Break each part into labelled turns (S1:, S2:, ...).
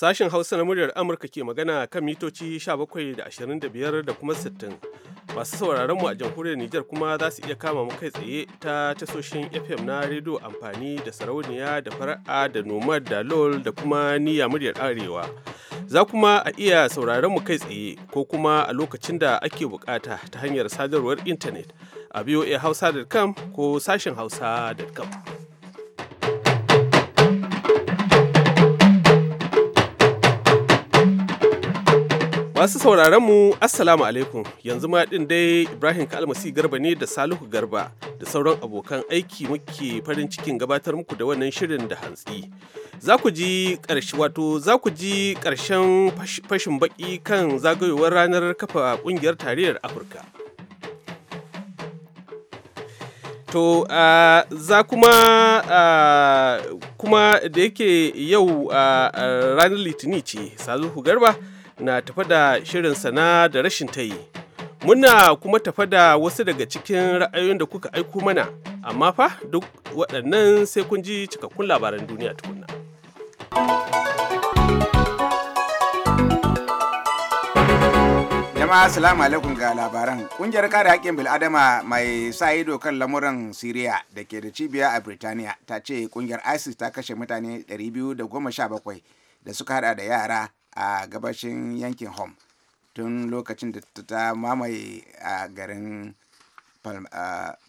S1: Sashen Hausa na muryar Amurka ke magana kan mitoci 17 da da kuma 60. Masu sauraron mu a jamhuriyar Nijar kuma za su iya kama mu kai tsaye ta tasoshin FM na rediyo amfani da sarauniya da fara'a da nomad da lol da kuma niyya muryar arewa. Za kuma a iya sauraron mu kai tsaye ko kuma a lokacin da ake bukata ta hanyar sadarwar intanet a voahausa.com ko sashen hausa.com. Masu sauraron mu Assalamu alaikum yanzu ma din dai Ibrahim Kalmasi Garba ne da Salihu Garba da sauran abokan aiki muke farin cikin gabatar muku da wannan shirin da hantsi. Za ku ji ƙarshe wato za ku ji ƙarshen fashin baki kan zagayowar ranar kafa ƙungiyar tarayyar Afirka. To uh, za kuma uh, kuma da yake yau uh, ranar litini ce Salihu Garba. na tafa da shirin sana da rashin ta Muna kuma tafa da wasu daga cikin ra'ayoyin da kuka aiko mana, amma fa duk waɗannan sai kun ji cikakkun labaran duniya tukuna.
S2: Jama'a salamu alaikum ga labaran. ƙungiyar kare haƙƙin bil'adama mai sa ido kan lamuran Siriya da ke da cibiya a Birtaniya ta ce ƙungiyar ISIS ta kashe mutane 217 da suka hada da yara a gabashin yankin home tun lokacin da ta mamaye a garin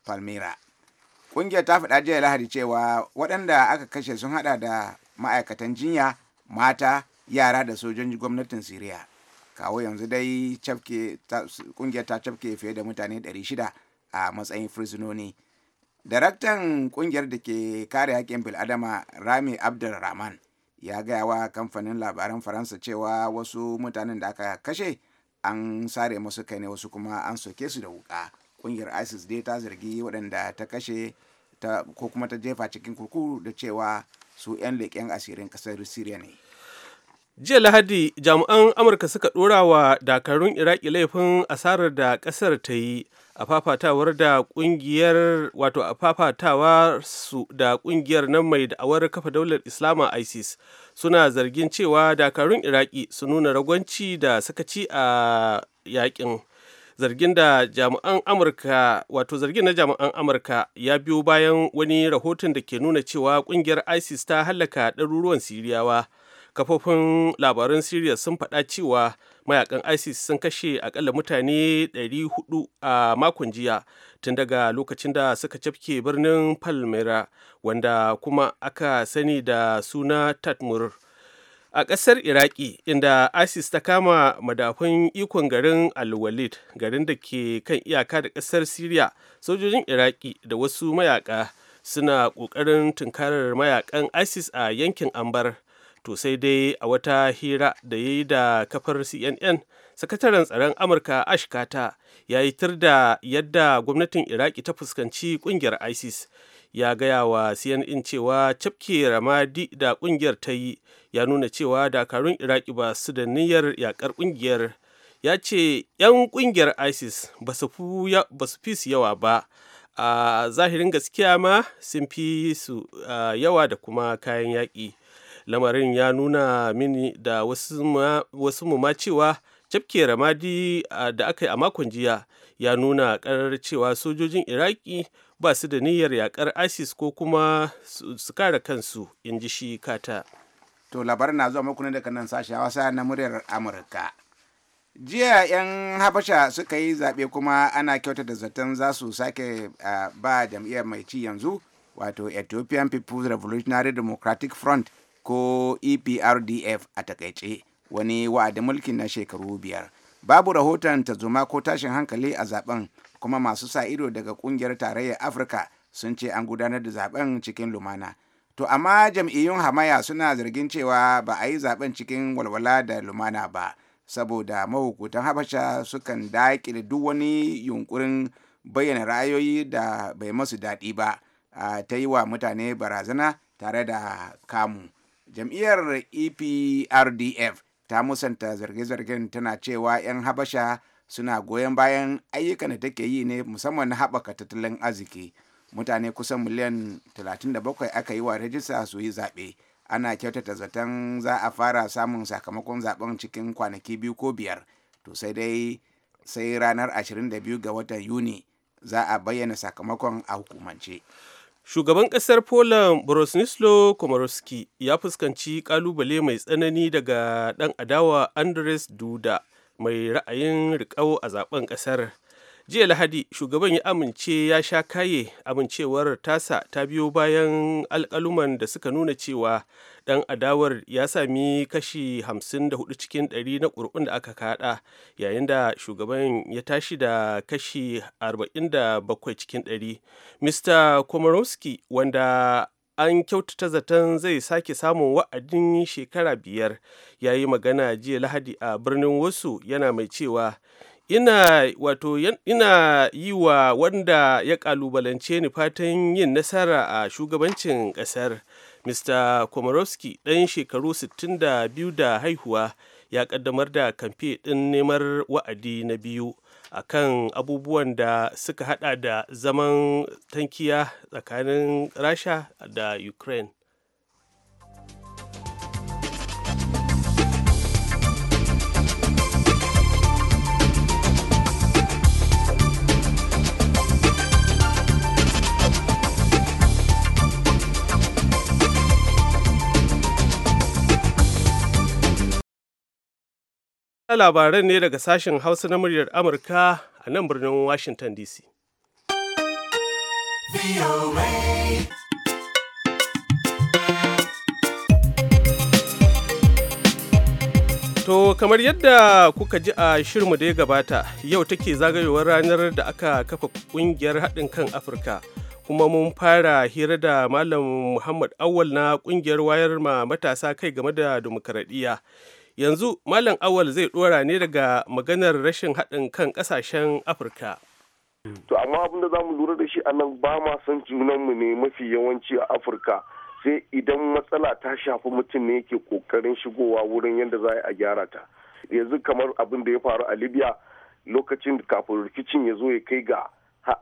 S2: palmira kungiyar ta faɗa jiya lahadi cewa waɗanda aka kashe sun haɗa da ma'aikatan jinya mata yara da sojojin gwamnatin siriya kawo yanzu dai kungiyar ta cafke fiye da mutane 600 a matsayin fursunoni daraktan kungiyar da ke kare haƙƙin bil'adama rami abdulrahman ya gaya wa kamfanin labaran faransa cewa wasu mutanen da aka kashe an sare masu kai ne wasu kuma an soke su da wuka kungiyar isis dai ta zargi waɗanda ta kashe ko kuma ta jefa cikin kurkuru da cewa su 'yan leƙen asirin ƙasar syria ne
S1: jiya lahadi jami'an amurka suka ɗora wa dakarun iraki laifin asarar da ƙasar ta yi a fafatawar da kungiyar wato a fafatawa su da kungiyar nan mai da'awar kafa daular islama isis suna zargin cewa dakarun iraki su nuna ragwanci da sakaci a yakin zargin da jami'an amurka wato zargin na jami'an amurka ya biyo bayan wani rahoton da ke nuna cewa ƙungiyar isis ta hallaka ɗaruruwan siriyawa kafofin labarin siriya sun faɗa cewa mayakan isis sun kashe akalla mutane 400 a makon jiya tun daga lokacin da suka cafke birnin palmyra wanda kuma aka sani da suna tatmur a ƙasar iraki inda isis ta kama madafun ikon garin al-walid garin da ke kan iyaka da ƙasar siriya sojojin iraki da wasu mayaka suna ƙoƙarin tunkarar mayakan isis a yankin ambar to sai dai a wata hira da ya yi da kafar cnn sakataren tsaron amurka ashkata ya yi tur da yadda gwamnatin iraki ta fuskanci kungiyar isis ya gaya wa cnn cewa cafke ramadi da kungiyar ta yi ya nuna cewa dakarun iraki ba su da niyyar yakar kungiyar ya ce 'yan kungiyar isis ba su fi su yawa ba a zahirin gaskiya ma sun fi su yawa da kuma kayan yaƙi lamarin ya nuna mini da wasu mu ma cewa cafke ramadi da aka yi a makon jiya ya nuna karar cewa sojojin iraki ba su da niyyar yakar isis ko kuma su kare kansu in
S2: ji shi kata to labarin na zuwa makuna da daga nan sashen wasa na muryar amurka jiya 'yan habasha suka yi zaɓe kuma ana kyauta da zaton za su sake ba jam'iyyar mai ci yanzu wato ethiopian people's revolutionary democratic front ko eprdf a takaice wani wa'adin mulkin na shekaru biyar babu rahoton tazuma ko tashin hankali a zaben kuma masu sa ido daga kungiyar tarayyar afirka sun ce an gudanar da zaben cikin lumana to amma jam'iyyun hamaya suna zargin cewa ba a yi zaben cikin walwala da lumana ba saboda mahukutan habasha sukan daƙile duk wani yunkurin bayyana ra'ayoyi da bai masu daɗi ba ta yi wa mutane barazana tare da kamu jam'iyyar eprdf ta musanta zarge-zargen tana cewa 'yan habasha suna goyon bayan ayyukan da take yi ne musamman na haɓaka tattalin arziki mutane kusan miliyan 37 aka yi wa rajista su yi zaɓe ana kyautata zaton za a fara samun sakamakon zaben cikin kwanaki biyu ko biyar to sai dai sai ranar 22 ga watan yuni za a bayyana sakamakon a hukumance Shugaban ƙasar Poland Borosnislo
S1: Komorowski ya fuskanci ƙalubale mai tsanani daga ɗan adawa Andres Duda mai ra'ayin riƙau a zaben ƙasar. jiya lahadi shugaban ya amince ya sha kaye amincewar tasa ta biyo bayan alkaluman da suka nuna cewa dan adawar ya sami kashi 54 cikin 100 na ƙuri'un da aka kada yayin da shugaban ya tashi da kashi 47 cikin 100 mr komorowski wanda an kyautata zaton zai sake samun wa'adin shekara biyar ya yi magana jiya lahadi a birnin wasu yana mai cewa ina wato ina yi wa wanda ya kalubalance ni fatan yin nasara a shugabancin kasar mr komorowski ɗan shekaru 62 da haihuwa ya kaddamar da kamfe ɗin neman wa'adi na biyu a kan abubuwan da suka hada da zaman tankiya tsakanin rasha da ukraine labaran ne daga sashen hausa na muryar amurka a nan birnin washington dc To kamar yadda kuka ji a shirmu da ya gabata yau take zagayowar ranar da aka kafa kungiyar haɗin kan Afirka kuma mun fara hira da Malam Muhammad Awal na kungiyar wayar ma matasa kai game da dimokuraɗiyya yanzu malam awal zai dora ne daga maganar rashin haɗin kan ƙasashen afirka
S3: to amma abin da za mu lura da shi a nan ba ma san junanmu ne mafi yawanci a afirka sai idan matsala ta shafi mutum ne yake kokarin shigowa wurin yadda za a gyara ta yanzu kamar abin da ya faru a libya lokacin kafin rikicin ya zo ya kai ga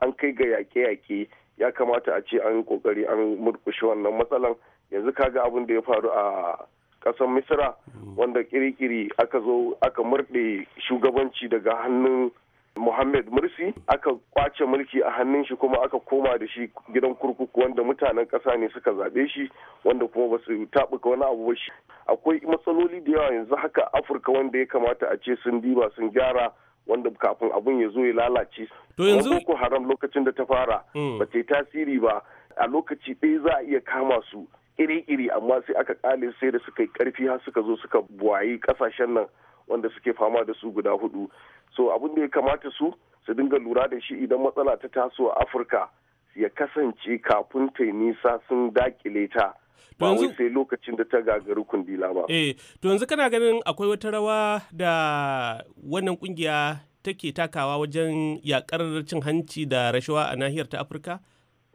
S3: an kai ga yaƙe-yaƙe ya kamata a ce an yi kokari an murkushe wannan matsalan yanzu kaga abin da ya faru a ƙasar misira wanda kirikiri aka zo aka murɗe shugabanci daga hannun Muhammad Mursi aka kwace mulki a hannun shi kuma aka koma da shi gidan kurkuku wanda mutanen ƙasa ne suka zaɓe shi wanda kuma ba su taɓuka wani abu ba shi. Akwai matsaloli da yawa yanzu haka Afirka wanda ya kamata a ce sun diba sun gyara wanda kafin abun ya zo ya lalace. To yanzu Boko Haram lokacin da ta fara mm. ba ta yi tasiri ba a lokaci ɗaya za a iya kama su iri-iri amma sai aka kale sai da suka yi karfi har suka zo suka buwayi kasashen nan wanda suke fama da su guda hudu so abin da ya kamata su su dinga lura da shi idan matsala ta taso a afirka ya kasance kafin ta nisa sun dakile ta ba wai sai lokacin da ta gagari kundila ba
S1: eh to yanzu kana ganin akwai wata rawa da wannan kungiya take takawa wajen yakar cin hanci da rashawa a nahiyar ta afirka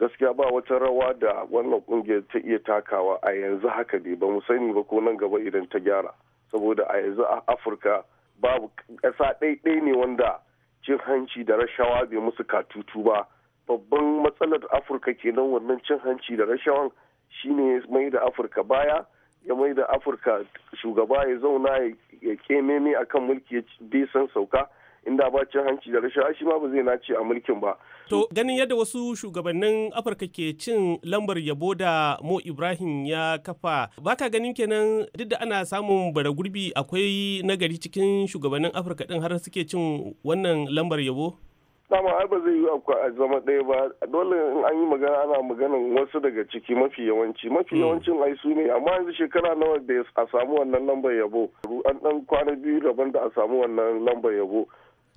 S3: gaskiya ba wata rawa da wannan kungiyar ta iya takawa a yanzu haka ne ba mu sani ba ko nan gaba idan ta gyara saboda a yanzu a afirka babu ƙasa ɗaiɗai ne wanda cin hanci da rashawa bai musu katutu ba babban matsalar afirka kenan wannan cin hanci da rashawan shine mai da afirka baya ya mai da afirka shugaba ya zauna ya kememe akan mulki ya bai san sauka inda ba cin hanci da rashawa shi ma ba zai nace a mulkin ba.
S1: To ganin yadda wasu shugabannin Afirka ke cin lambar yabo da Mo Ibrahim ya kafa baka ganin kenan duk da ana samun bara gurbi akwai nagari cikin shugabannin Afirka din har suke cin wannan lambar yabo?
S3: dama ai ba zai yi a zama ɗaya ba dole in an yi magana ana maganan wasu daga ciki mafi yawanci mafi hmm. yawancin ai su ne amma yanzu shekara nawa da a samu wannan lambar yabo an ɗan kwana biyu daban da a samu wannan lambar yabo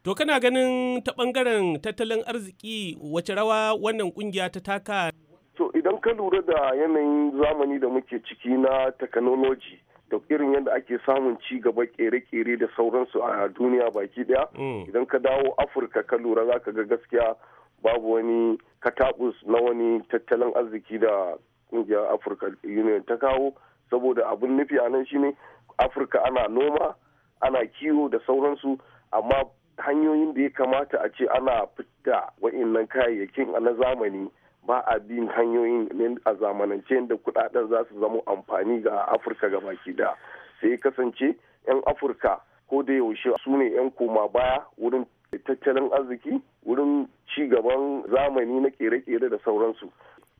S1: To kana ganin ta ɓangaren tattalin arziki wace rawa wannan kungiya ta taka? To idan ka lura da yanayin zamani da muke ciki
S3: na technology da irin yadda ake samun ci gaba kere-kere da sauransu a duniya baki daya mm. idan ka dawo afirka ka lura za ka ga gaskiya babu wani katabus na wani tattalin arziki da kungiyar afirka union ta kawo saboda abin nufi a nan shine afirka ana noma ana kiwo da sauransu amma hanyoyin da ya kamata a ce ana fita wa'innan kayayyakin na zamani ba a bin hanyoyin a zamanance da kudaden za su zama amfani ga afirka ga baki da sai ya kasance 'yan afirka ko da yaushe su ne 'yan koma baya wurin tattalin arziki wurin ci gaban zamani na kere-kere da sauransu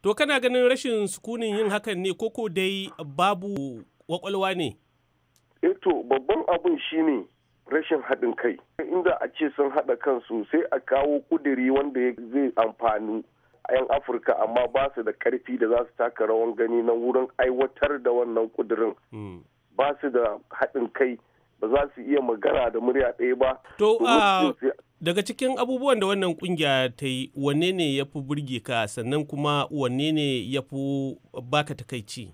S1: to kana ganin rashin sukunin yin hakan ne koko dai babu kwakwalwa ne eto eh babban abin shine rashin
S3: haɗin kai inda a ce sun haɗa kansu sai a kawo kuduri wanda zai amfani a 'yan afirka amma ba su da ƙarfi da za su taka rawan gani na wurin aiwatar da wannan kudurin mm. ba su da haɗin kai ba za su iya magana da murya ɗaya ba
S1: to ah, daga cikin abubuwan da wannan kungiya ta yi wanne ne ya fi burge ka sannan kuma wanne ne ya fi baka takaici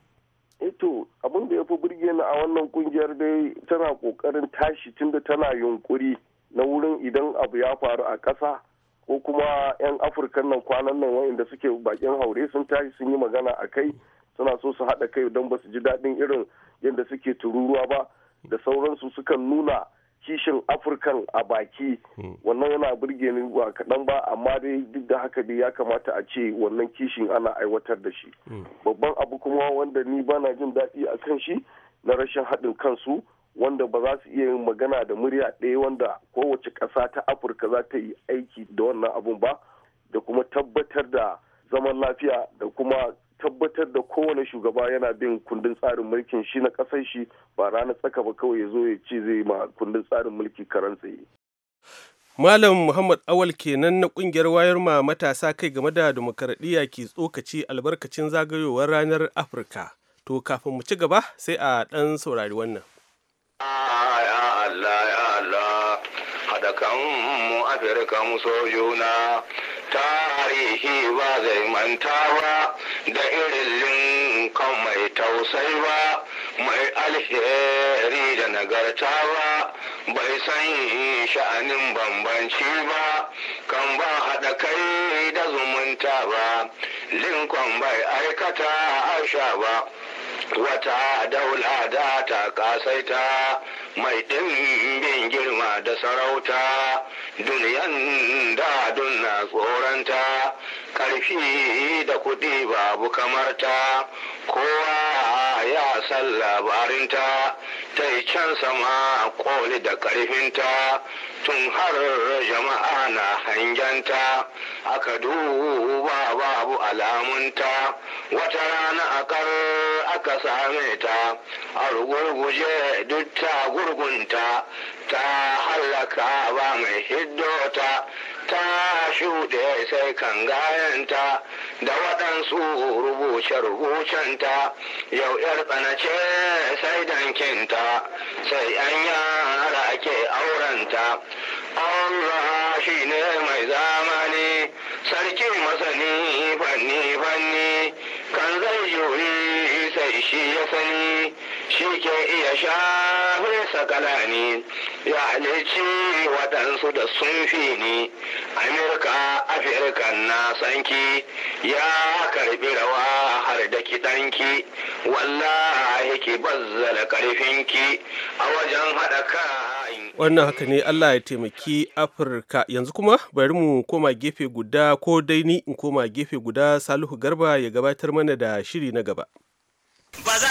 S3: nuna a wannan kungiyar dai tana kokarin tashi tunda tana yunkuri na wurin idan abu ya faru a ƙasa ko kuma 'yan afirkan nan kwanan nan wa'inda suke bakin haure sun tashi sun yi magana a kai suna so su haɗa kai don ba su ji daɗin irin yadda suke tururuwa ba da sauransu sukan nuna kishin afirkan a baki hmm. wannan yana burge ni ba kaɗan ba amma dai duk da haka dai ya kamata a ce wannan kishin ana aiwatar da shi hmm. babban abu kuma wanda ni bana jin daɗi a kan shi na rashin haɗin kansu wanda ba za su iya yin magana da murya ɗaya wanda kowace ƙasa ta afirka za ta yi aiki da wannan abun ba da kuma tabbatar da zaman lafiya da kuma tabbatar da kowane shugaba yana bin kundin tsarin mulkin shi na ƙasar shi ba ranar tsaka ba kawai ya zo ya ce zai ma kundin tsarin mulki karan
S1: tsaye. Malam Muhammad Awal kenan na kungiyar wayar ma matasa kai game da dimokuraɗiyya ke tsokaci albarkacin zagayowar ranar Afirka. to kafin mu ci gaba sai a ɗan saurari wannan
S4: Allah ya Allah haɗa kanmu Afirka mu soyuna tarihi ba zai manta ba da irin linkan mai tausai ba mai alheri da nagarta ba bai san sha'anin bambanci ba kan ba haɗa kai da zumunta ba linkon bai aikata asha ba Wata kasaita mai قاسيتا girma da sarauta دسروتا da دادنا tsoranta ƙarfi da kuɗi babu kamarta kowa ya san labarinta ta yi can sama koli da ƙarfinta tun har jama'a na hangenta aka duba babu alamunta wata rana a aka same ta a rugurguje duk ta gurgunta ta hallaka ba mai hiddota ta shuɗe sai kan gayanta da waɗansu rubuce-rubucenta yau 'yar tsanace sai dankinta sai an yara ake aurenta Allah shi ne mai zamani sarki masani fanni-fanni kan zai sai shi ya sani shi ke iya shafin sakala ne ya halici watansu da sun fi ni amurka afirka na sanki ya karbi rawa har da kidanki, wallahi ki bazzala karfinki a wajen haɗa ka
S1: wannan haka ne allah ya taimaki afirka yanzu kuma bari mu koma gefe guda ko dai ni in koma gefe guda salihu garba ya gabatar mana da shiri na gaba
S4: baza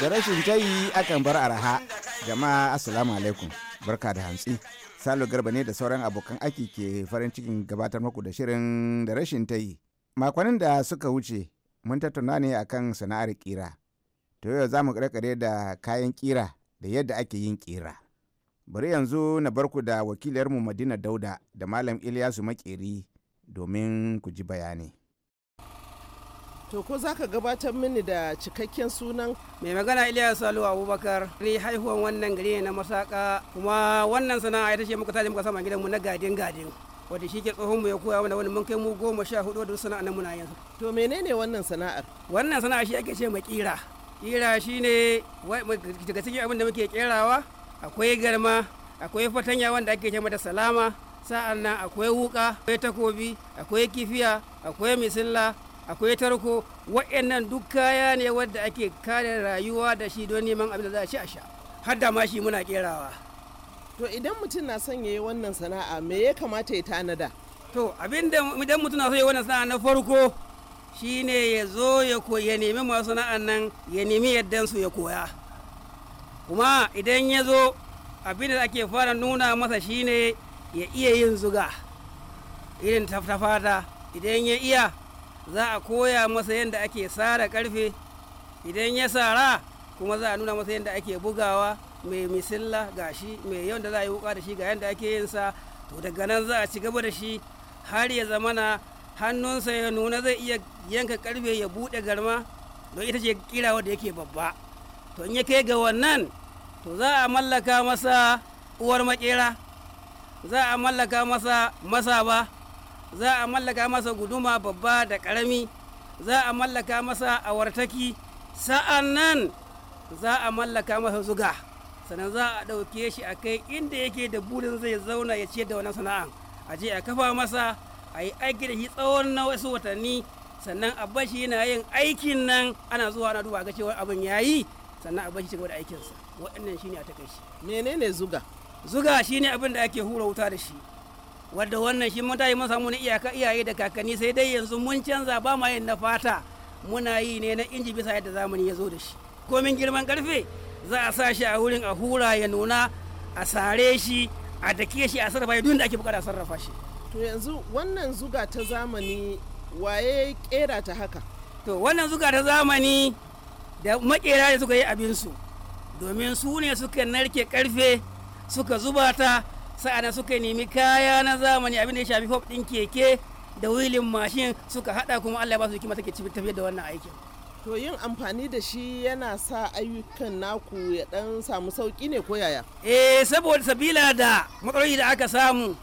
S2: da rashin tayi akan bar araha jama'a assalamu alaikum barka da hantsi salo garba ne da sauran abokan aiki ke farin cikin gabatar muku da shirin da rashin tayi makonin da suka wuce mun tattauna ne kan sana'ar kira to yau za mu kare da kayan kira da yadda ake yin kira bari yanzu na barku da wakilarmu madina dauda da malam ilyasu makeri domin ku ji bayani
S5: to ko za
S6: ka gabatar mini da cikakken sunan mai magana iliya salu abubakar ni haihuwan wannan gari na masaka kuma wannan sana'a ita ce muka tashi muka sama gidanmu na gadin gadin wanda shi ke tsohon mu ya koya mana wani mun kai mu goma sha hudu da sana'a na muna yanzu to menene wannan sana'ar wannan sana'a shi ake ce makira kira ne daga cikin abin da muke kerawa akwai garma akwai fatanya wanda ake ce mata salama sa'an nan akwai wuka akwai takobi akwai kifiya akwai misilla akwai tarko waɗannan duk kaya ne wadda ake kare rayuwa da shi don neman abin da za a ci a sha har da ma shi muna kerawa
S5: to idan mutum na son ya yi wannan sana'a me ya kamata ya tanada
S6: to abinda idan mutum na son ya yi wannan sana'a na farko shine ya zo ya ya nemi masu sana'an nan ya nemi yaddan su ya koya kuma idan ya zo abin da ake fara nuna masa shine ya iya yin zuga irin ta idan ya iya za a koya masa yadda ake sara karfe idan ya sara kuma za a nuna masa yadda ake bugawa mai misilla ga shi mai yawan da za a yi wuka da shi ga yadda ake yin sa to daga nan za a ci gaba da shi har ya zamana hannunsa ya nuna zai iya yanka karfe ya buɗe garma don ita ce kirawa da yake babba to in ya kai ga wannan to za a mallaka masa uwar makera za a mallaka masa masaba za a mallaka masa guduma babba da ƙarami za a mallaka masa awartaki sa'an nan za a mallaka masa zuga sannan za a ɗauke shi a kai inda yake da burin zai zauna ya ciyar da wannan sana'a a je a kafa masa a yi aiki da shi tsawon na wasu watanni sannan a bashi yana yin aikin nan ana zuwa ana duba ga cewa abin ya yi sannan a bashi cigaba da aikinsa waɗannan shine a ta shi menene zuga zuga shine abin da ake hura wuta da shi wadda wannan shi mun tayi mun samu na iyaka iyaye da kakanni sai dai yanzu mun canza ba ma yin na fata muna yi ne na inji bisa yadda zamani ya zo da shi komin girman karfe za a sa shi a wurin a hura ya nuna a sare shi a dake shi a sarrafa duk da ake bukata sarrafa shi to yanzu wannan zuga ta zamani waye kera ta haka to wannan zuga ta zamani da makera da suka yi abinsu domin su ne suka narke karfe suka zuba ta sa'ana suka nemi kaya na zamani abin da ya shafi fob din keke da wilin mashin suka hada kuma Allah ya ba su hikima take tafiyar da wannan aikin
S5: to yin amfani da shi yana sa ayyukan naku ya dan samu sauki ne
S6: ko yaya eh saboda sabila da matsaloli da aka samu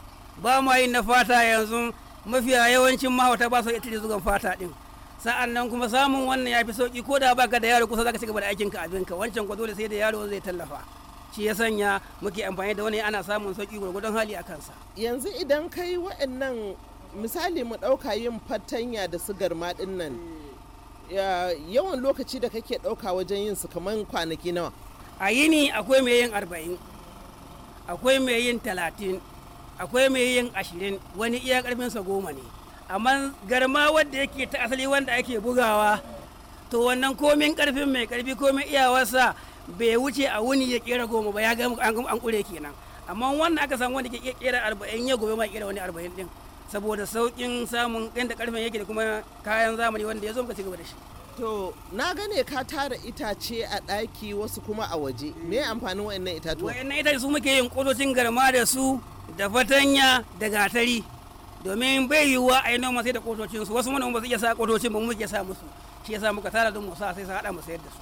S6: ba mu yin na fata yanzu mafiya yawancin mahauta ba su iya tilin zugan fata din sa'an nan kuma samun wannan ya fi sauki ko da baka da yaro kusa zaka ci gaba da aikinka abinka wancan ko dole sai da yaro zai tallafa shi ya sanya muke amfani da wani ana samun sauki gwargwadon hali a kansa
S5: yanzu idan kai wa'annan misali mu ɗauka yin fatanya da sigar ma ɗin nan yawan lokaci da kake ɗauka wajen yin su kamar kwanaki nawa a yini akwai mai yin
S6: arba'in akwai mai yin talatin akwai mai yin ashirin wani iya ƙarfinsa goma ne amma garma wadda yake ta asali wanda ake bugawa to wannan komin ƙarfin mai ƙarfi komin iyawarsa bai wuce a wuni ya kera goma ba ya ga an kure kenan amma wannan aka san wanda ke kera arba'in ya gobe ma kera wani arba'in din saboda sauƙin samun yadda karfen yake da kuma kayan zamani wanda ya zo muka cigaba da shi
S5: to na gane ka tara itace a ɗaki wasu kuma a waje me amfanin wa'annan
S6: itatuwa wa'annan itace su muke yin ƙososhin garma da su da fatanya da gatari domin bai yiwuwa a yi noma sai da ƙososhin su wasu manoma ba su iya sa ƙososhin ba mu muke sa musu shi yasa muka tara don mu sa sai sa haɗa mu sayar da su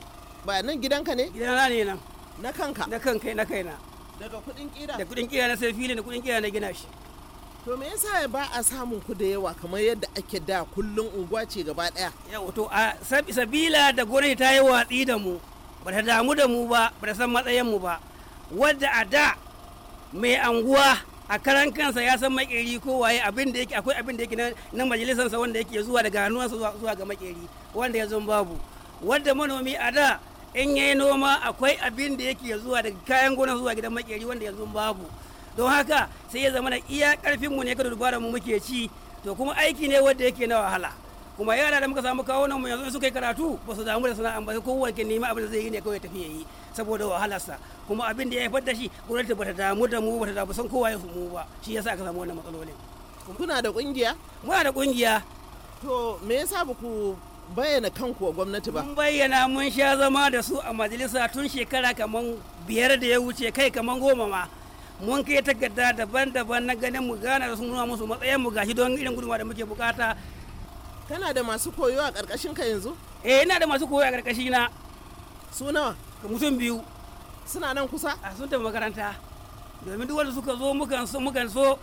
S6: ba nan gidanka ne gidana ne nan na kanka na kanka na kaina daga kuɗin kira da kuɗin kira na sai fili da kuɗin kira na gina shi to me yasa ba a samun ku da yawa kamar yadda ake da kullum unguwa ce gaba daya yawa to a sabila da gwamnati ta yi watsi da mu ba ta damu da mu ba ba ta san matsayin mu ba wadda a da mai anguwa a karan kansa ya san makeri ko waye abin da yake akwai abin da yake na sa wanda yake zuwa daga sa zuwa ga makeri wanda ya zon babu wadda manomi a da in yayi noma akwai abin da yake zuwa daga kayan gona zuwa gidan makeri wanda ya zon babu don haka sai ya zama na iya karfin mu ne ka dubara mu muke ci to kuma aiki ne wanda yake na wahala kuma yara da muka samu kawo nan mu yanzu suka yi karatu ba su damu da sana'an ba ko wanke nema abin da zai yi ne kawai tafi yayi saboda wahalarsa kuma abin da ya haifar da shi gwamnati bata damu da mu bata damu san kowa ya mu ba shi yasa aka samu wannan matsalolin kuna da kungiya muna da kungiya to me yasa ba ku bayyana kanku a gwamnati ba mun bayyana mun sha zama da su a majalisa tun shekara kaman biyar da ya wuce kai kaman goma ma mun kai takarda daban-daban na ganin mu gana da sun nuna musu matsayin mu gashi don irin gudunmawa da muke bukata kana da masu koyo a karkashin ka yanzu eh ina da masu koyo a karkashi na su nawa mutum biyu suna nan kusa a sun tafi makaranta domin duk wanda suka zo mukan so mukan so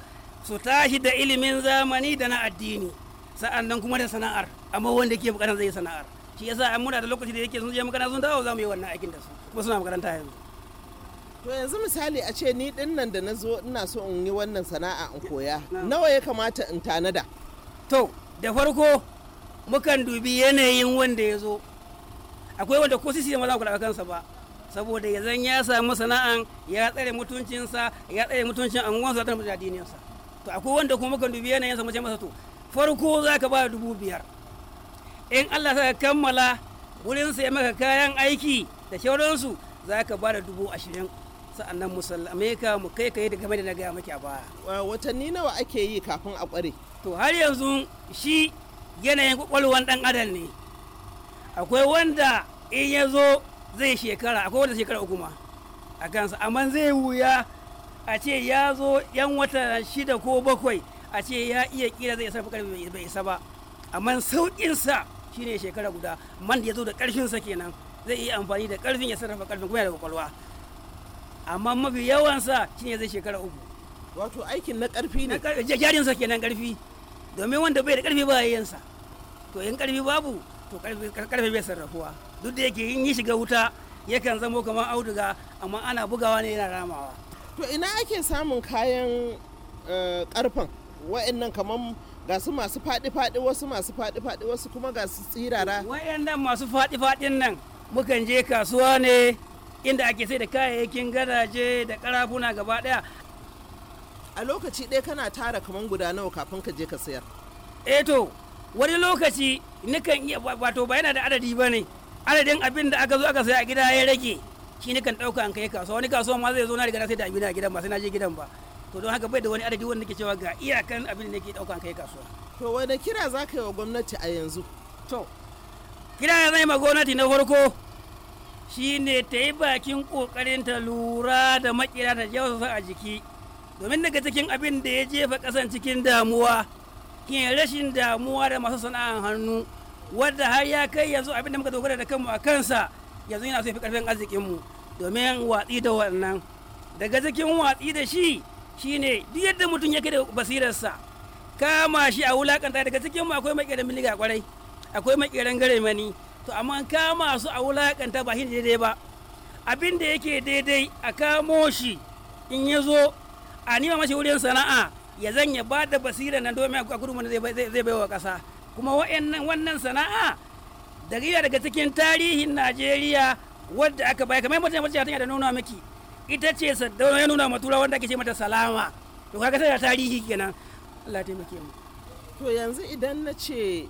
S6: su tashi da ilimin zamani da na addini sa'an nan kuma da sana'ar amma wanda ke bukatar zai sana'ar shi yasa an muna da lokaci da yake sun je makaranta sun dawo za mu yi wannan aikin da su kuma suna makaranta yanzu
S5: to yanzu misali a ce ni din nan da na zo ina so in yi wannan sana'a in koya nawa ya kamata
S6: in tanada to da farko mukan dubi yanayin wanda ya zo akwai wanda ko sisi ma za ku da kansa ba saboda ya zan ya samu sana'an ya tsare mutuncinsa ya tsare mutuncin anguwansa da mutuncin addininsa to akwai wanda kuma mukan dubi yanayin sa mace masa to farko za ka ba dubu biyar in Allah sa kammala wurin sai maka kayan aiki da shauransu za ka ba da dubu ashirin sa'annan mu sallame ka mu kai ka yi da game da na gaya maki a baya watanni nawa ake yi kafin a kware to har yanzu shi yanayin kwakwalwan dan adam ne akwai wanda in ya zo zai shekara akwai wanda shekara uku ma a kansa amma zai wuya a ce ya zo yan wata shida ko bakwai a ce ya iya kira zai isa karfi bai isa ba amma sauƙinsa shine shekara guda man da ya zo da sa kenan zai iya amfani da ƙarfin ya sarrafa ƙarfin kuma da kwakwalwa amma mafi yawansa shine zai shekara uku wato aikin na karfi ne jarinsa kenan karfi domin wanda bai da karfi ba yayyansa to in karfi babu to ƙarfi bai sarrafuwa duk da yake in yi shiga wuta yakan zamo kamar auduga amma ana bugawa ne yana ramawa
S5: to ina ake samun kayan karfan eh, wa'annan kamar ga su masu faɗi-faɗi wasu masu faɗi-faɗi wasu kuma ga su tsirara wa'annan
S6: masu faɗi-faɗin nan mukan je kasuwa ne inda ake sai da kayayyakin gadaje da karafuna gaba daya a lokaci ɗaya kana tara kaman guda nawa kafin ka je ka sayar eto eh wani lokaci nikan iya wato ba yana da adadi ba ne adadin abin da aka zo aka saya a gida ya rage shi nikan ɗauka an kai kasuwa wani kasuwa ma zai zo na riga na sai da abin a gidan ba sai na je gidan ba to don haka bai da wani adadi wanda ke cewa ga iyakan abin da ke ɗauka an kai kasuwa to wani
S5: kira za ka yi wa gwamnati a yanzu to kira
S6: zai ma gwamnati na farko shine ta yi bakin kokarin ta lura da makira da jawasa a jiki domin daga cikin abin da ya jefa kasan cikin damuwa ke rashin damuwa da masu sana'an hannu wadda har ya kai yanzu abin da muka dogara da kanmu a kansa yanzu yana so fi karfin arzikinmu domin watsi da wannan daga cikin watsi da shi shine duk yadda mutum ya yake da basirarsa kama shi a wulakanta daga cikin mu akwai makeran miliga kwarai akwai makeran gare mani to amma kama su a wulakanta ba shi daidai ba abin da yake daidai a kamo shi in ya zo a nima mashi wurin sana'a ya zan ya ba da basira nan domin a gudunmu da zai baiwa ƙasa kuma wannan sana'a da daga cikin tarihin najeriya wadda aka bai kamar mutane mutane tana da nuna miki ita ce sadau ya nuna matura wanda ake ce mata salama to kaga da tarihi kenan Allah taimake mu
S5: to yanzu idan na ce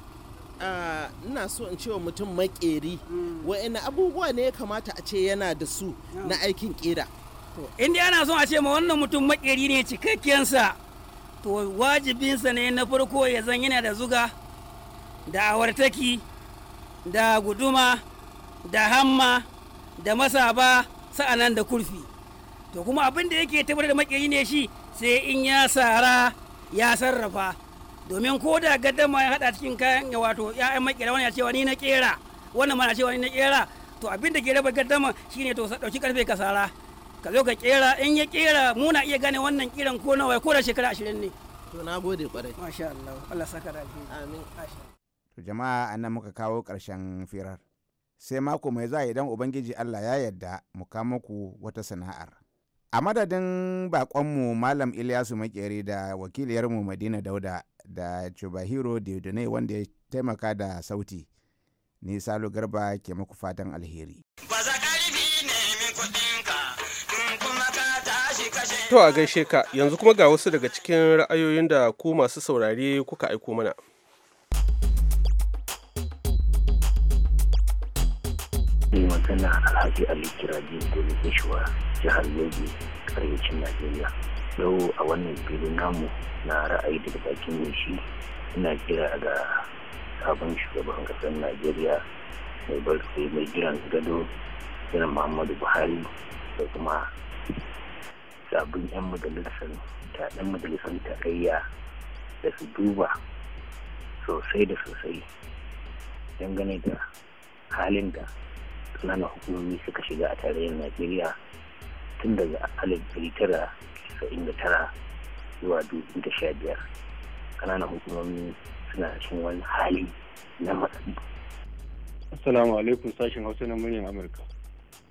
S5: Uh, ina so in ce wa mutum makeri mm. wa'ina abubuwa ne ya kamata a ce yana da su na aikin kera
S6: in dai ana son a ce ma wannan mutum makeri ne cikakkensa to wajibinsa ne na farko ya zan yana da zuga da awartaki da guduma da hamma da masaba sa'anan da kurfi to kuma abin da yake tabbatar da makeri ne shi sai in ya sara ya sarrafa domin ko da gadama ya hada cikin kayan wato ya'yan makera wani ya ce wani na kera wannan ma na ce wani na kera to abin da ke raba ma shine to ɗauki karfe ka sara ka zo ka kera in ya kera muna iya gane wannan kiran ko nawa ko da shekara ashirin ne to na gode kwarai masha Allah Allah saka da alheri amin
S2: to jama'a anan muka kawo karshen firar sai mako mai za idan ubangiji Allah ya yarda mu kawo muku wata sana'ar a madadin bakonmu malam ilyasu makeri da wakiliyarmu madina dauda da chubahiro diodone wanda ya taimaka da sauti ni salo garba ke muku fatan alheri
S1: to a gaishe ka yanzu kuma ga wasu daga cikin ra'ayoyin da ku masu saurari kuka aiko mana
S4: magana alhaji ali kiraji da jihar yobe arewacin najeriya yau a wannan filin namu na ra'ayi daga bakin mai shi ina kira ga sabon shugaban kasar najeriya mai barkai mai jiran gado jiran muhammadu buhari da kuma sabon 'yan majalisar taɗin majalisar tarayya da su duba sosai da sosai dangane da halin da ƙananan hukumomi suka shiga a tarayyar najeriya tun daga alif ɗari tara sa'in da tara zuwa dubu da sha biyar ƙananan hukumomi suna cikin wani hali na matsayi. Assalamu alaikum sashen Hausa na muryar Amurka.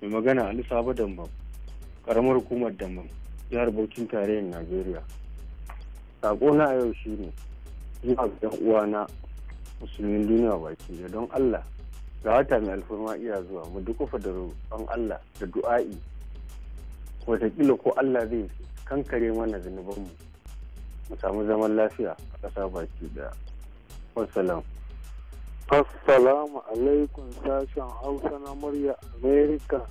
S4: Mai magana Ali Sabo Dambam, karamar hukumar Dambam, jihar Bauchin tarayyar Najeriya. Sako na a yau shi ne, zuwa ga uwana musulmin duniya baki da don Allah ga wata mai alfarma iya zuwa mu duk da roƙon Allah da du'a'i watakila ko allah zai kankare mana zunubanmu mu samu zaman lafiya a ƙasa baki daya wassalam assalamu alaikum
S3: sashen hausa na murya amerika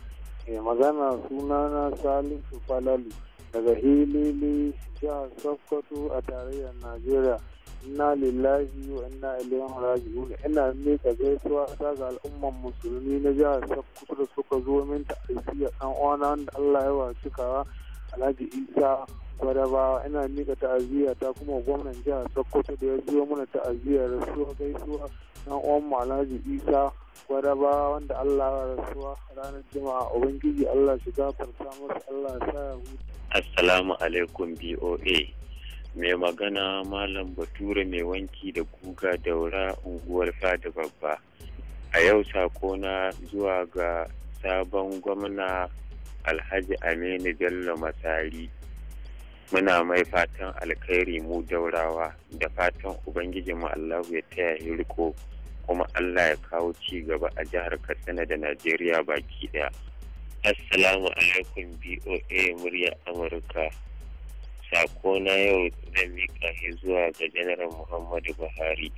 S3: mai magana sunana salisu falalu daga hilili jihar sokoto a tarayyar najeriya inna lillahi wa inna ilaihi raji'un ina mika gaisuwa ta ga al'umman musulmi na jihar Sokoto da suka zo min ta aisiya dan uwana wanda Allah ya wasukawa Alhaji Isa Gwadabawa ina mika ta'aziyya ta kuma gwamnan jihar Sokoto da ya zo mana ta'aziyya rasuwa gaisuwa dan uwan mu Alhaji Isa Gwadabawa
S4: wanda Allah ya rasuwa ranar Juma'a Ubangiji Allah shi gafarta masa Allah ya sa ya huta Assalamu alaikum BOA mai magana malam bature mai wanki da guga daura unguwar fada babba a yau sakona zuwa ga sabon gwamna alhaji aminu bello masari muna mai fatan alkhairi mu daurawa da fatan mu allahu ya taya hirko kuma allah ya kawo ci gaba a
S3: jihar katsina da najeriya baki daya assalamu alaikum boa murya amurka sako na yau zan mika shi zuwa ga janaral
S4: muhammadu buhari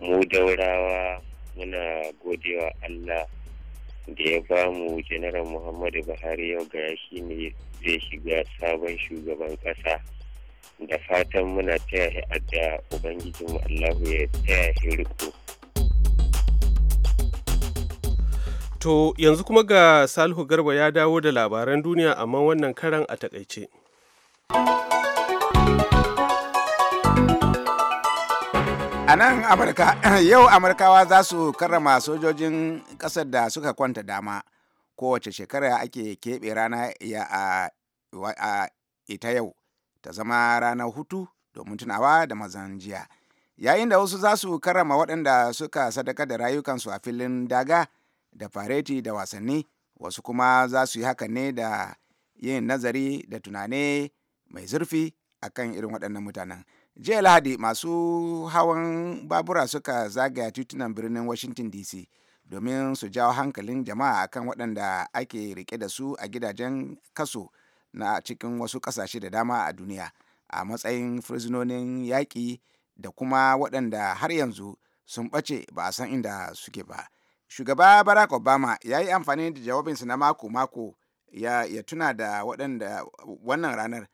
S4: mu daurawa muna godewa allah da ya ba mu janaral muhammadu buhari yau ga shi ne
S3: zai shiga sabon shugaban ƙasa da fatan muna taya shi adda
S1: ubangijinmu allahu ya taya shi riko To yanzu kuma ga Salihu Garba ya dawo da labaran duniya amma wannan karan
S2: a takaice. a nan amurka yau amurkawa za su karrama sojojin ƙasar da suka kwanta dama kowace shekara ake keɓe rana a ita yau ta zama ranar hutu domin tunawa da mazan jiya yayin da wasu za su karrama waɗanda suka sadaka da rayukansu a filin daga da fareti da wasanni wasu kuma za su yi hakan ne da yin nazari da tunane mai zurfi akan irin waɗannan mutanen. jiya lahadi masu hawan babura suka zagaya titunan birnin washington dc domin su jawo hankalin jama'a akan waɗanda ake rike da su a gidajen kaso na cikin wasu ƙasashe da dama a duniya a matsayin fursunonin yaƙi da kuma waɗanda har yanzu sun ɓace ba a san inda suke ba shugaba barack obama ya yi amfani da jawabinsa na mako-mako ya, tuna da wannan ranar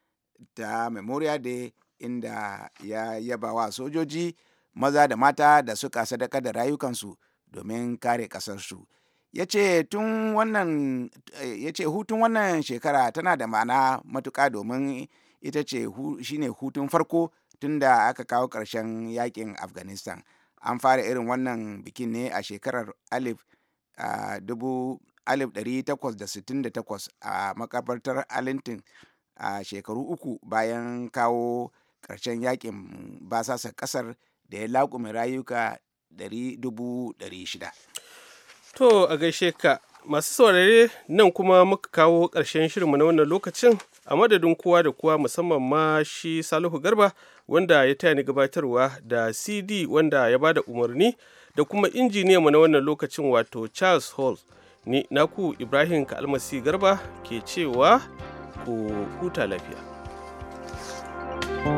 S2: da memorial day inda ya yaba wa sojoji maza da mata da suka sadaka da rayukansu domin kare ƙasarsu. Ya ce hutun wannan shekara tana da ma'ana matuka domin ita ce shine hutun farko tunda aka kawo ƙarshen yakin Afghanistan. An fara irin wannan bikin ne a shekarar alif a dubu a makabartar alintin a shekaru uku bayan kawo ƙarshen yakin basasar ƙasar da ya laƙume rayuka shida.
S1: To a gaishe ka masu saurare nan kuma muka kawo ƙarshen shirinmu na wannan lokacin a madadin kowa da kowa musamman ma shi Salihu Garba wanda ya taya ni gabatarwa da CD wanda ya bada umarni da kuma mu na wannan lokacin wato Charles Hall ni naku Ibrahim Kalmasi Garba ke cewa ku huta lafiya. thank